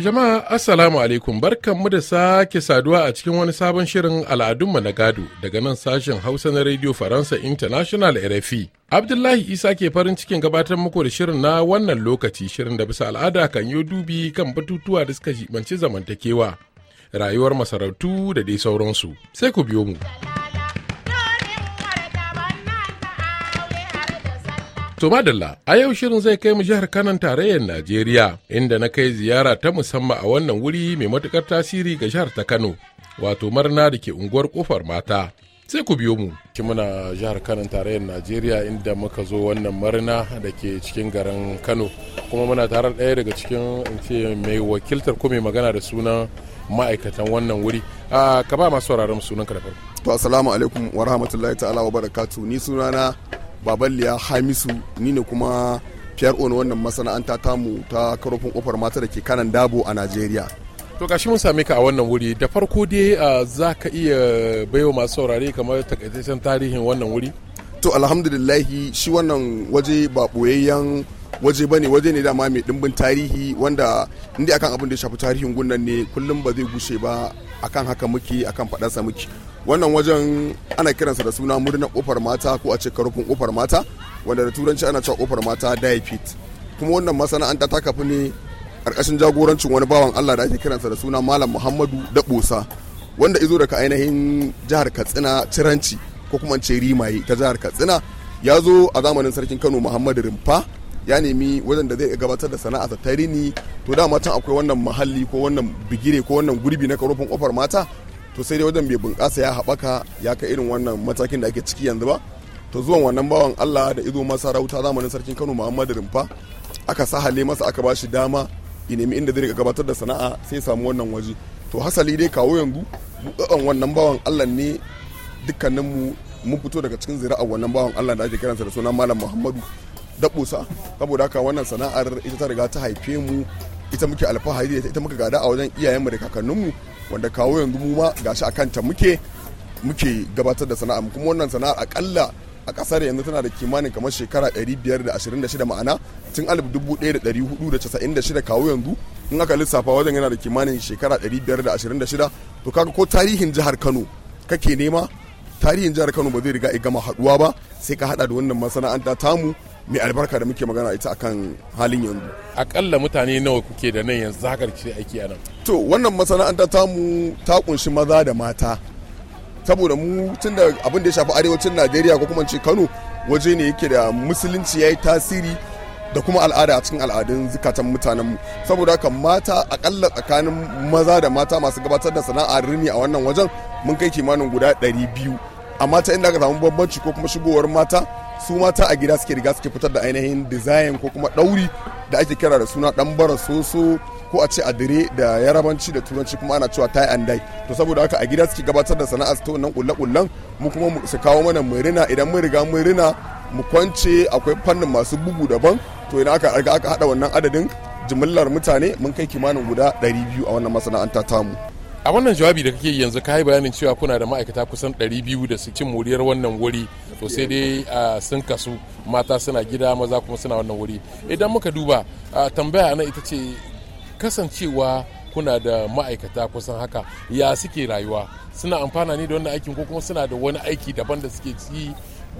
Jama'a Assalamu alaikum barkan mu da sake saduwa a cikin wani sabon shirin al'adunmu na gado daga nan sashen Hausa na Radio Faransa International RFI. Abdullahi Isa ke farin cikin gabatar muku da shirin na wannan lokaci shirin da bisa al'ada kan yi dubi kan batutuwa da suka shibanci zamantakewa, rayuwar masarautu da dai sauransu. Sai ku biyo mu. To madalla, a yau shirin zai kai mu jihar kanon tarayyar Najeriya, inda na kai ziyara ta musamman a wannan wuri mai matukar tasiri ga jihar ta Kano, wato marna da ke unguwar kofar mata. Sai ku biyo mu. Ki muna jihar kanon tarayyar Najeriya inda muka zo wannan marna da ke cikin garin Kano. Kuma muna tare ɗaya daga cikin in ce mai wakiltar ko mai magana da sunan ma'aikatan wannan wuri. Ka ba masu sauraron sunanka da farko. To assalamu alaikum wa rahmatullahi ta'ala wa barakatu. Ni sunana ya hamisu ni ne kuma fiyar ono wannan masana'anta mu ta karofin kofar mata da ke kanan dabo a najeriya to gashi mun same ka a wannan wuri da farko dai za ka iya baiwa masu saurare kamar takaitaccen tarihin wannan wuri to alhamdulillahi shi wannan waje ba boyayyen waje bane waje ne dama mai dimbin tarihi wanda inda akan abin da ya shafi tarihin gunnan ne kullum ba zai gushe ba akan haka muke akan fadarsa muke wannan wajen ana kiransa da suna murna kofar mata ko a ce karfin kofar mata wanda da turanci ana cewa kofar mata daifit kuma wannan masana'anta ta kafi ne karkashin jagorancin wani bawan Allah da ake kiransa da suna malam Muhammadu Dabosa wanda izo daga ainihin jihar Katsina Ciranci ko kuma ce Rimaye ta jihar Katsina ya zo a zamanin sarkin Kano Muhammadu Rimfa ya nemi wajen da zai gabatar da sana'a ta rini to dama tun akwai wannan muhalli ko wannan bigire ko wannan gurbi na karofin kofar mata to sai dai wajen bai bunƙasa ya haɓaka ya kai irin wannan matakin da ake ciki yanzu ba to zuwan wannan bawan Allah da izo masarauta zamanin sarkin Kano Muhammadu Rumfa aka sahale masa aka bashi dama ya nemi inda zai gabatar da sana'a sai ya samu wannan waje to hasali dai kawo yanzu buɗaɗɗen wannan bawan Allah ne dukkanin mu mun fito daga cikin zira'ar wannan bawan Allah da ake kiransa da suna Malam Muhammadu Dabusa saboda haka wannan sana'ar ita ta riga ta haife mu ita muke alfahari da ita muka gada a wajen iyayenmu da kakanninmu wanda kawo yanzu mu ma gashi a kanta muke muke gabatar da sana'a kuma wannan sana'ar akalla a kasar yanzu tana da kimanin kamar shekara 526 ma'ana tun 1496 kawo yanzu in aka lissafa wajen yana da kimanin shekara 526 to kaga ko tarihin jihar Kano kake nema tarihin jihar Kano ba zai riga ya gama haduwa ba sai ka hada da wannan masana'anta tamu mai albarka da muke magana ita akan halin yanzu akalla mutane nawa kuke da nan yanzu za ce aiki a nan to wannan masana'anta ta mu ta kunshi maza da mata saboda mu tun da abin da ya shafi arewacin najeriya ko kuma ce kano waje ne yake da musulunci ya yi tasiri da kuma al'ada a cikin al'adun zikatan mutanen mu saboda haka mata akalla tsakanin maza da mata masu gabatar da sana'ar rini a wannan wajen mun kai kimanin guda 200 amma ta inda aka samu bambanci ko kuma shigowar mata su mata a gida suke riga suke fitar da ainihin design ko kuma ɗauri da ake kira da suna dan bara soso ko a ce adire da yarabanci da turanci kuma ana cewa tie and dye to saboda haka a gida suke gabatar da sana'a su nan kulle kullen mu kuma su kawo mana mu idan mun riga murina mu kwance akwai fannin masu bugu daban to idan aka riga aka hada wannan adadin jimillar mutane mun kai kimanin guda 200 a wannan masana'anta tamu a wannan jawabi da kake yanzu ka yi bayanin cewa kuna da ma'aikata kusan 200 da su cin moriyar wannan wuri to sai dai sun kasu mata suna gida maza kuma suna wannan wuri idan muka duba tambaya na ita ce kasancewa kuna da ma'aikata kusan haka ya suke rayuwa suna amfana ne da wannan aikin ko kuma suna da wani aiki daban da suke ci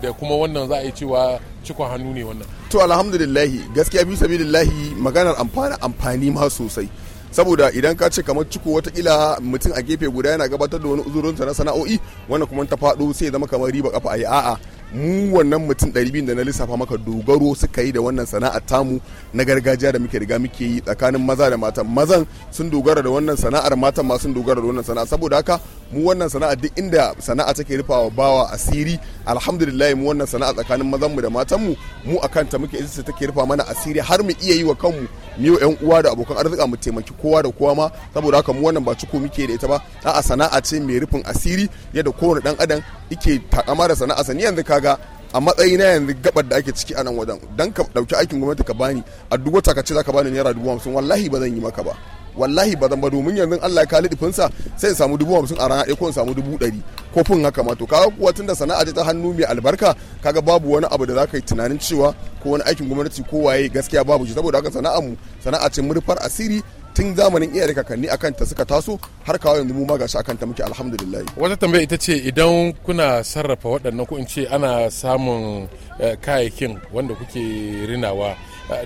da kuma wannan za a yi cewa cikon hannu ne wannan to alhamdulillahi gaskiya bi sabilillahi maganar amfana amfani ma sosai saboda idan ka ce kamar ciko watakila mutum a gefe guda yana gabatar da wani uzurinsa na sana'o'i wanda kuma ta faɗo sai zama kamar riba kafa a yi a'a mu wannan mutum 200 da na lissafa maka dogaro suka yi da wannan sana'ar tamu na gargajiya da muke riga muke yi tsakanin maza da mata mazan sun dogara da wannan sana'ar matan ma sun dogara da wannan sana'a saboda haka mu wannan sana'a duk inda sana'a take rufawa bawa asiri alhamdulillah mu wannan sana'a tsakanin mazan mu da matan mu mu akan ta muke ita take rufa mana asiri har mu iya yi wa kanmu mu yan uwa da abokan arzika mu taimaki kowa da kowa ma saboda haka mu wannan ba ciko muke da ita ba a'a sana'a ce mai rufin asiri yadda kowane dan adam ike takama da sana'a sani yanzu kaga a matsayi na yanzu gabar da ake ciki a nan wajen dan ka dauki aikin gwamnati ka bani a duk wata ka ce zaka bani naira dubu hamsin wallahi ba zan yi maka ba wallahi ba zan ba domin yanzu Allah ya kali dufinsa sai in samu dubu hamsin a rana ɗaya ko in samu dubu ɗari ko fin haka ma to kaga kuwa tunda sana'a ta hannu mai albarka kaga babu wani abu da zaka yi tunanin cewa ko wani aikin gwamnati ko waye gaskiya babu shi saboda haka sana'a mu sana'a ce murfar asiri tun zamanin iyaye kakanni akan ta suka taso har kawo yanzu mu magashi a akan ta muke alhamdulillah wata tambaya ita ce idan kuna sarrafa waɗannan ko in ce ana samun eh, kayayyakin wanda kuke rinawa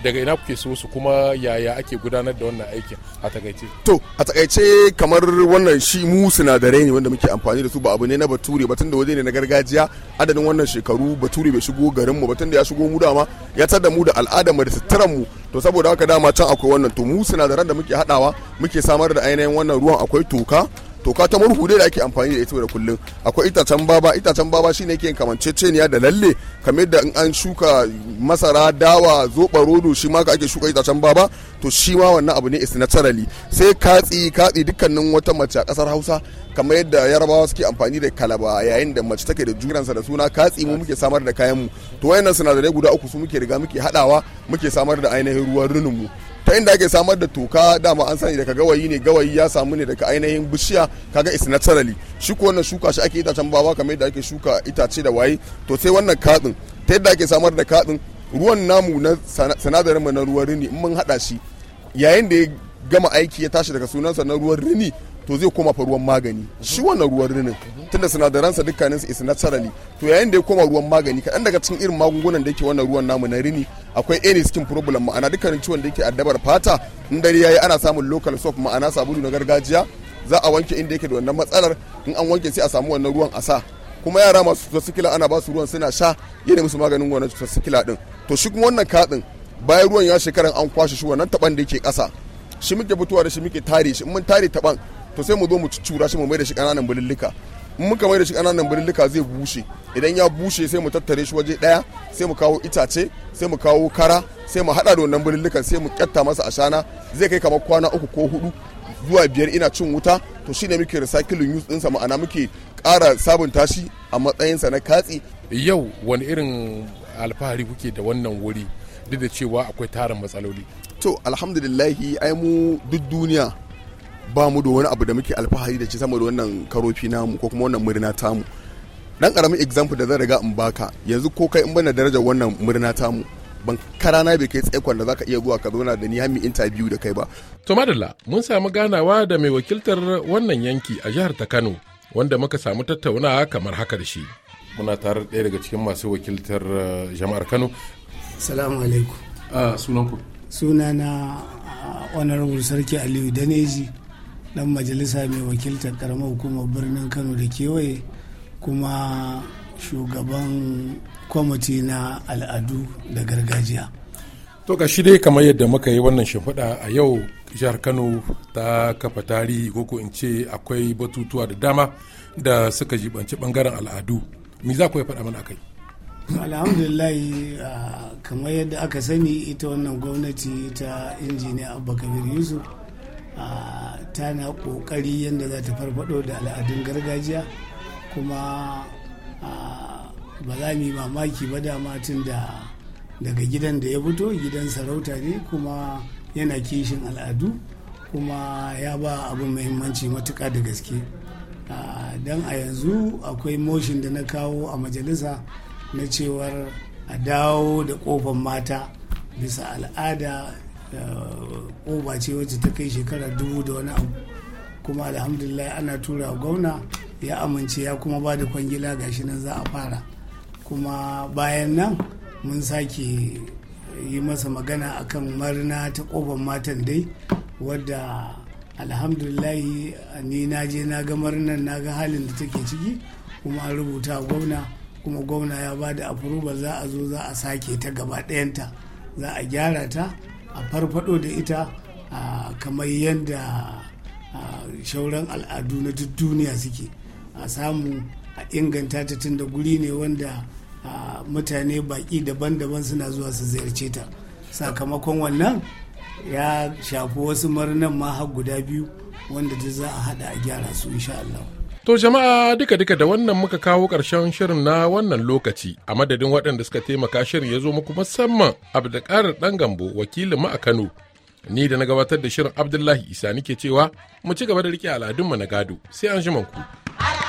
daga ina kuke so su kuma yaya ake gudanar da wannan aikin a takaice to a takaice kamar wannan shi mu sinadarai ne wanda muke amfani da su ba abu ne na bature ba tunda waje ne na gargajiya adadin wannan shekaru bature bai shigo garin mu ba tunda ya shigo mu dama ya tada mu da al'adar mu da suturan mu to saboda haka dama can akwai wannan to mu sinadaran da muke hadawa muke samar da ainihin wannan ruwan akwai toka to ka ta murhu da ake amfani da ita da kullum akwai itacen baba itacen baba shine yake kamanceceniya da lalle kamar da in an shuka masara dawa zoba rodo shi ma ka ake shuka itacen baba to shi ma wannan abu ne is naturally sai katsi katsi dukkanin wata mace a kasar Hausa kamar yadda yarabawa suke amfani da kalaba yayin da mace take da juransa da suna katsi mu muke samar da kayan mu to wayannan sinadarai guda uku su muke riga muke hadawa muke samar da ainihin ruwan runin mu ta inda ake samar da toka dama an sani daga gawayi ne gawayi ya samu ne daga ainihin bishiya kaga is naturally shi ko wannan shuka shi ake itacen baba kamar yadda ake shuka itace da waye to sai wannan katsin ta yadda ake samar da katsin ruwan namu na sanadarin mu na ruwan rini in mun hada shi yayin da ya gama aiki ya tashi daga sunansa na ruwan rini to zai koma fa ruwan magani shi wannan ruwan rinin tunda sinadaransa dukkanin su is naturally to yayin da ya koma ruwan magani kaɗan daga cikin irin magungunan da yake wannan ruwan namu na rini akwai any skin problem ma'ana dukkanin ciwon da yake addabar fata in dare yayi ana samun local soap ma'ana sabulu na gargajiya za a wanke inda yake da wannan matsalar in an wanke sai a samu wannan ruwan a sa kuma yara masu cutar ana ba su ruwan suna sha yana musu maganin wannan cutar sikila din to shi kuma wannan katsin bayan ruwan ya shekaran an kwashe shi wannan taban da yake ƙasa shi muke fitowa da shi muke tare shi in mun tare taban to sai mu zo mu cura shi mu mai da shi kananan bulillika in muka mai da shi kananan bulillika zai bushe idan ya bushe sai mu tattare shi waje daya sai mu kawo itace sai mu kawo kara sai mu haɗa da wannan sai mu kyatta masa ashana zai kai kamar kwana uku ko hudu zuwa biyar ina cin wuta to shine muke recycling use ɗinsa ma'ana muke ƙara sabunta shi a matsayinsa na katsi yau wani irin alfahari kuke da wannan wuri duk da cewa akwai tarin matsaloli to alhamdulillahi ai mu duk duniya ba mu da wani abu da muke alfahari da shi sama da wannan karofi namu ko kuma wannan murna tamu dan karamin example da zan riga in baka yanzu ko kai in bana darajar wannan murna tamu ban karana bai kai tsaikon da zaka iya zuwa ka zauna da ni hami interview da kai ba to madalla mun samu ganawa da mai wakiltar wannan yanki a jihar ta Kano wanda muka samu tattaunawa kamar haka da shi muna tare ɗaya daga cikin masu wakiltar eh, jama'ar Kano assalamu alaikum ah sunan ku sunana ah, honorable sarki Aliyu Daneji dan majalisa mai wakiltar karamar hukumar birnin kano da kewaye kuma shugaban kwamiti na al'adu da gargajiya to ga shi dai kamar yadda muka yi wannan shimfiɗa a yau jihar kano ta kafa tarihi ko in ce akwai batutuwa da dama da suka jibanci bangaren al'adu me za ku faɗa mana akai alhamdulillah kamar yadda aka sani ita wannan gwamnati ta injiniya abba kabir yusuf a tana kokari yadda za ta farfado da al'adun gargajiya kuma ba za mu yi mamaki ba dama tun da daga gidan da ya fito gidan sarauta ne kuma yana kishin al'adu kuma ya ba abin muhimmanci matuka da gaske don a yanzu akwai moshin da na kawo a majalisa na cewar a dawo da kofan mata bisa al'ada oba ce wacce ta kai shekara dubu da wani abu kuma alhamdulillah ana tura gwamna ya amince ya kuma ba da kwangila gashi nan za a fara kuma bayan nan mun sake yi masa magana akan marina ta kofar matan dai wadda alhamdulillah ni na je na ga marinan na ga halin da take ciki kuma an rubuta gwamna kuma gwamna ya ba da za a zo za a sake ta gaba ɗayanta za a gyara ta a farfado da ita a kamar yadda shauran al'adu na duk duniya suke a samu a inganta ta tun da guri ne wanda mutane baki daban-daban suna zuwa su ziyarce ta sakamakon wannan ya shafi wasu marnan ma har guda biyu wanda ta za a hada a gyara su insha Allah. To jama'a duka-duka da wannan muka kawo ƙarshen shirin na wannan lokaci a madadin waɗanda suka taimaka shirin ya zo muku musamman abdulkar ɗan gambo wakilin mu a Kano. Ni da na gabatar da shirin Abdullahi Isa nike cewa mu ci gaba da riƙe al'adunmu na gado sai an ku.